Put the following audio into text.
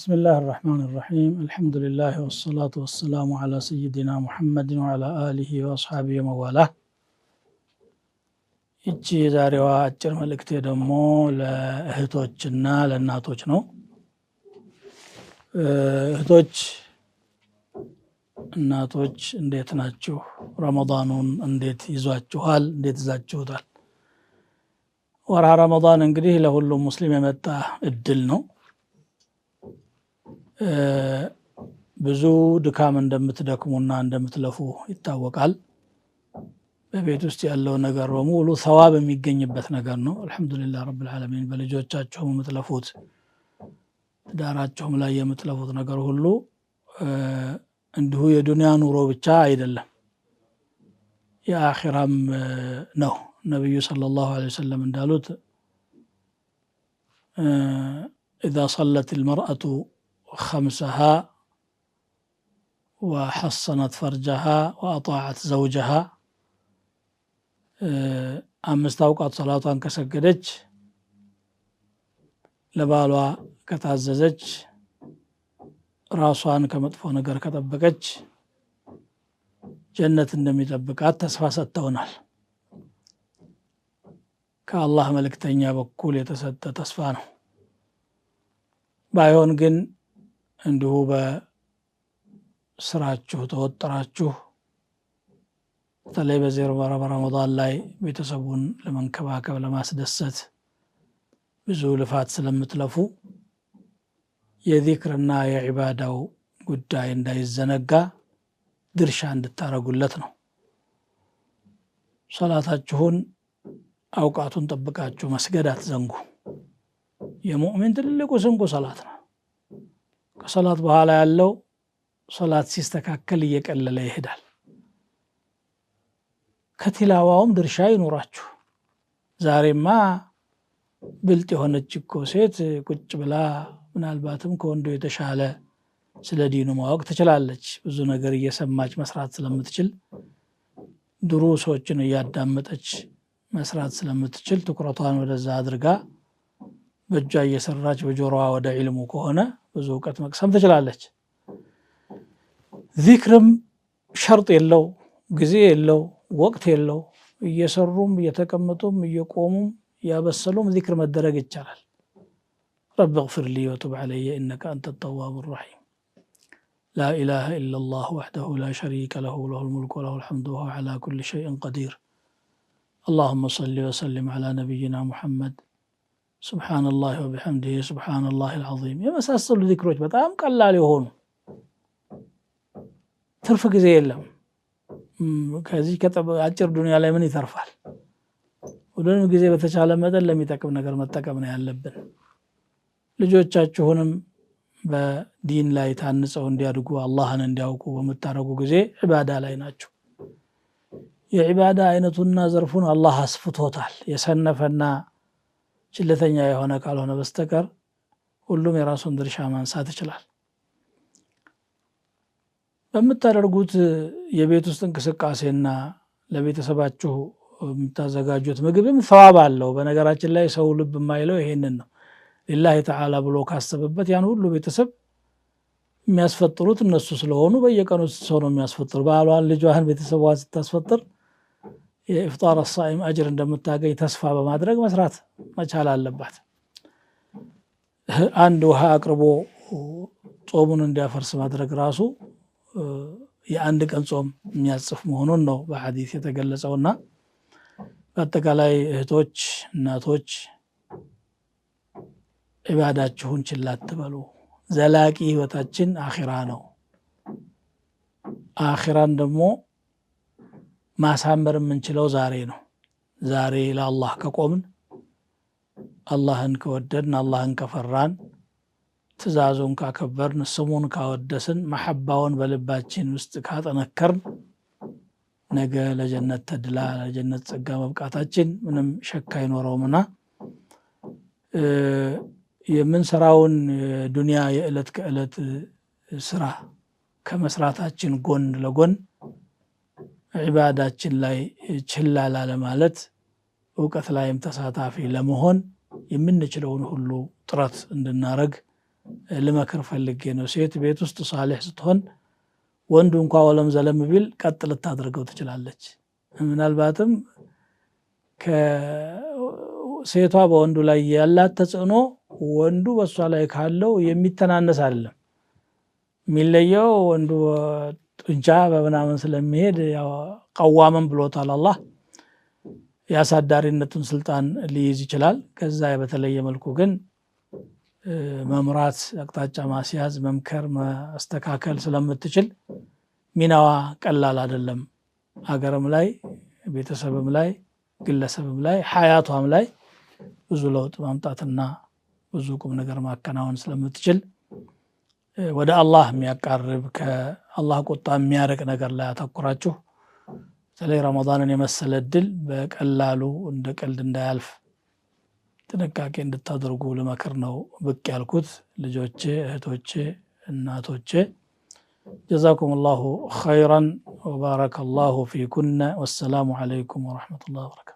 بسم الله الرحمن الرحيم الحمد لله والصلاة والسلام على سيدنا محمد وعلى آله وأصحابه ومواله إتشي داري واتشر ملك تيدمو لأهتوچنا لأناتوچنو أهتوچ أناتوچ انديت ناتشو رمضان انديت إزواتشو هال انديت إزواتشو دال ورع رمضان انقريه لهو اللو مسلم الدلنو ብዙ ድካም እንደምትደክሙና እንደምትለፉ ይታወቃል። በቤት ውስጥ ያለው ነገር በሙሉ ሰዋብ የሚገኝበት ነገር ነው። አልሐምዱሊላህ ረብል ዓለሚን። በልጆቻቸውም የምትለፉት ዳራቸውም ላይ የምትለፉት ነገር ሁሉ እንዲሁ የዱንያ ኑሮ ብቻ አይደለም፣ የአኺራም ነው። ነቢዩ ሰለላሁ ዐለይሂ ወሰለም እንዳሉት ኢዛ ሰለት ልመርአቱ خمسها وحصنت فرجها وأطاعت زوجها አምስት አውቃት ሰላቷን ከሰገደች ለባሏ ከታዘዘች ራሷን ከመጥፎ ነገር ከጠበቀች ጀነት እንደሚጠብቃት ተስፋ ሰጥተውናል። ከአላህ መልእክተኛ በኩል የተሰጠ ተስፋ ነው። ባይሆን ግን እንዲሁ በስራችሁ ተወጥራችሁ በተለይ በዚህ በረመዳን ላይ ቤተሰቡን ለመንከባከብ ለማስደሰት ብዙ ልፋት ስለምትለፉ የዚክርና የዒባዳው ጉዳይ እንዳይዘነጋ ድርሻ እንድታረጉለት ነው። ሰላታችሁን አውቃቱን ጠብቃችሁ መስገድ አትዘንጉ። የሙእሚን ትልቁ ስንቁ ሰላት ነው። ከሰላት በኋላ ያለው ሰላት ሲስተካከል እየቀለለ ይሄዳል። ከቲላዋውም ድርሻ ይኖራችሁ። ዛሬማ ብልጥ የሆነች እኮ ሴት ቁጭ ብላ ምናልባትም ከወንዶ የተሻለ ስለ ዲኑ ማወቅ ትችላለች። ብዙ ነገር እየሰማች መስራት ስለምትችል ድሩ ሰዎችን እያዳመጠች መስራት ስለምትችል ትኩረቷን ወደዛ አድርጋ በእጇ እየሰራች በጆሮዋ ወደ ዒልሙ ከሆነ ብዙ እውቀት መቅሰም ትችላለች። ዚክርም ሸርጥ የለው፣ ጊዜ የለው፣ ወቅት የለው። እየሰሩም እየተቀመጡም እየቆሙም እያበሰሉም ዚክር መደረግ ይቻላል። ረቢ እግፊር ሊ ወቱብ ዐለየ ኢነከ አንተ ተዋቡ ረሒም። ላኢላሃ ኢለላህ ወሕደሁ ላ ሸሪከ ለሁ ለሁል ሙልኩ ወለሁል ሐምዱ ወሁወ ዐላ ኩሊ ሸይኢን ቀዲር። አላሁመ ሰሊ ወሰሊም ዐላ ነቢይና ሙሐመድ ሱብሓነላህ ወቢሐምዲህ ሱብሓነላህ አልዓዚም የመሳሰሉ ዚክሮች በጣም ቀላል የሆኑ ትርፍ ጊዜ የለም። ከዚህ አጭር ዱንያ ላይ ምን ይተርፋል? ሁሉንም ጊዜ በተቻለ መጠን ለሚጠቅም ነገር መጠቀም ነው ያለብን። ልጆቻችሁንም በዲን ላይ ታንጸው እንዲያድጉ አላህን እንዲያውቁ በምታደርጉ ጊዜ ዒባዳ ላይ ናቸው። የዒባዳ አይነቱና ዘርፉን አላህ አስፍቶታል። የሰነፈና ችለተኛ የሆነ ካልሆነ በስተቀር ሁሉም የራሱን ድርሻ ማንሳት ይችላል። በምታደርጉት የቤት ውስጥ እንቅስቃሴና ለቤተሰባችሁ የምታዘጋጁት ምግብም ሰዋብ አለው። በነገራችን ላይ ሰው ልብ የማይለው ይሄንን ነው። ሊላሂ ተዓላ ብሎ ካሰበበት ያን ሁሉ ቤተሰብ የሚያስፈጥሩት እነሱ ስለሆኑ በየቀኑ ሰው ነው የሚያስፈጥሩ። ባሏን፣ ልጇን፣ ቤተሰቧን ስታስፈጥር የኢፍጣር ሳኢም አጅር እንደምታገኝ ተስፋ በማድረግ መስራት መቻል አለባት። አንድ ውሃ አቅርቦ ጾሙን እንዲያፈርስ ማድረግ ራሱ የአንድ ቀን ጾም የሚያጽፍ መሆኑን ነው በሐዲስ የተገለጸውና በአጠቃላይ እህቶች፣ እናቶች ዒባዳችሁን ችላ አትበሉ። ዘላቂ ህይወታችን አኺራ ነው። አኺራን ደግሞ ማሳመር የምንችለው ዛሬ ነው። ዛሬ ለአላህ ከቆምን አላህን ከወደድን አላህን ከፈራን ትእዛዙን ካከበርን ስሙን ካወደስን መሐባውን በልባችን ውስጥ ካጠነከርን ነገ ለጀነት ተድላ ለጀነት ጸጋ መብቃታችን ምንም ሸክ አይኖረውምና የምንሰራውን ዱንያ የዕለት ከዕለት ስራ ከመስራታችን ጎን ለጎን ዒባዳችን ላይ ችላ ላለማለት እውቀት ላይም ተሳታፊ ለመሆን የምንችለውን ሁሉ ጥረት እንድናረግ ልመክር ፈልጌ ነው። ሴት ቤት ውስጥ ሳሌሕ ስትሆን ወንዱ እንኳ ወለም ዘለም ቢል ቀጥ ልታደርገው ትችላለች። ምናልባትም ሴቷ በወንዱ ላይ ያላት ተጽዕኖ ወንዱ በእሷ ላይ ካለው የሚተናነስ አይደለም። የሚለየው ወንዱ ጡንቻ በምናምን ስለሚሄድ ቀዋምን ብሎታል አላህ። የአሳዳሪነቱን ስልጣን ሊይዝ ይችላል። ከዛ በተለየ መልኩ ግን መምራት፣ አቅጣጫ ማስያዝ፣ መምከር፣ ማስተካከል ስለምትችል ሚናዋ ቀላል አይደለም። አገርም ላይ ቤተሰብም ላይ ግለሰብም ላይ ሀያቷም ላይ ብዙ ለውጥ ማምጣትና ብዙ ቁም ነገር ማከናወን ስለምትችል ወደ አላህ የሚያቃርብ አላህ ቁጣ የሚያርቅ ነገር ላይ አተኩራችሁ በተለይ ረመዳንን የመሰለ እድል በቀላሉ እንደ ቀልድ እንዳያልፍ ጥንቃቄ እንድታደርጉ ልመክር ነው ብቅ ያልኩት። ልጆቼ፣ እህቶቼ፣ እናቶቼ ጀዛኩም ላሁ ኸይራን ወባረከ ላሁ ፊኩነ። ወሰላሙ አለይኩም ወረሕመቱላህ ወበረካቱ።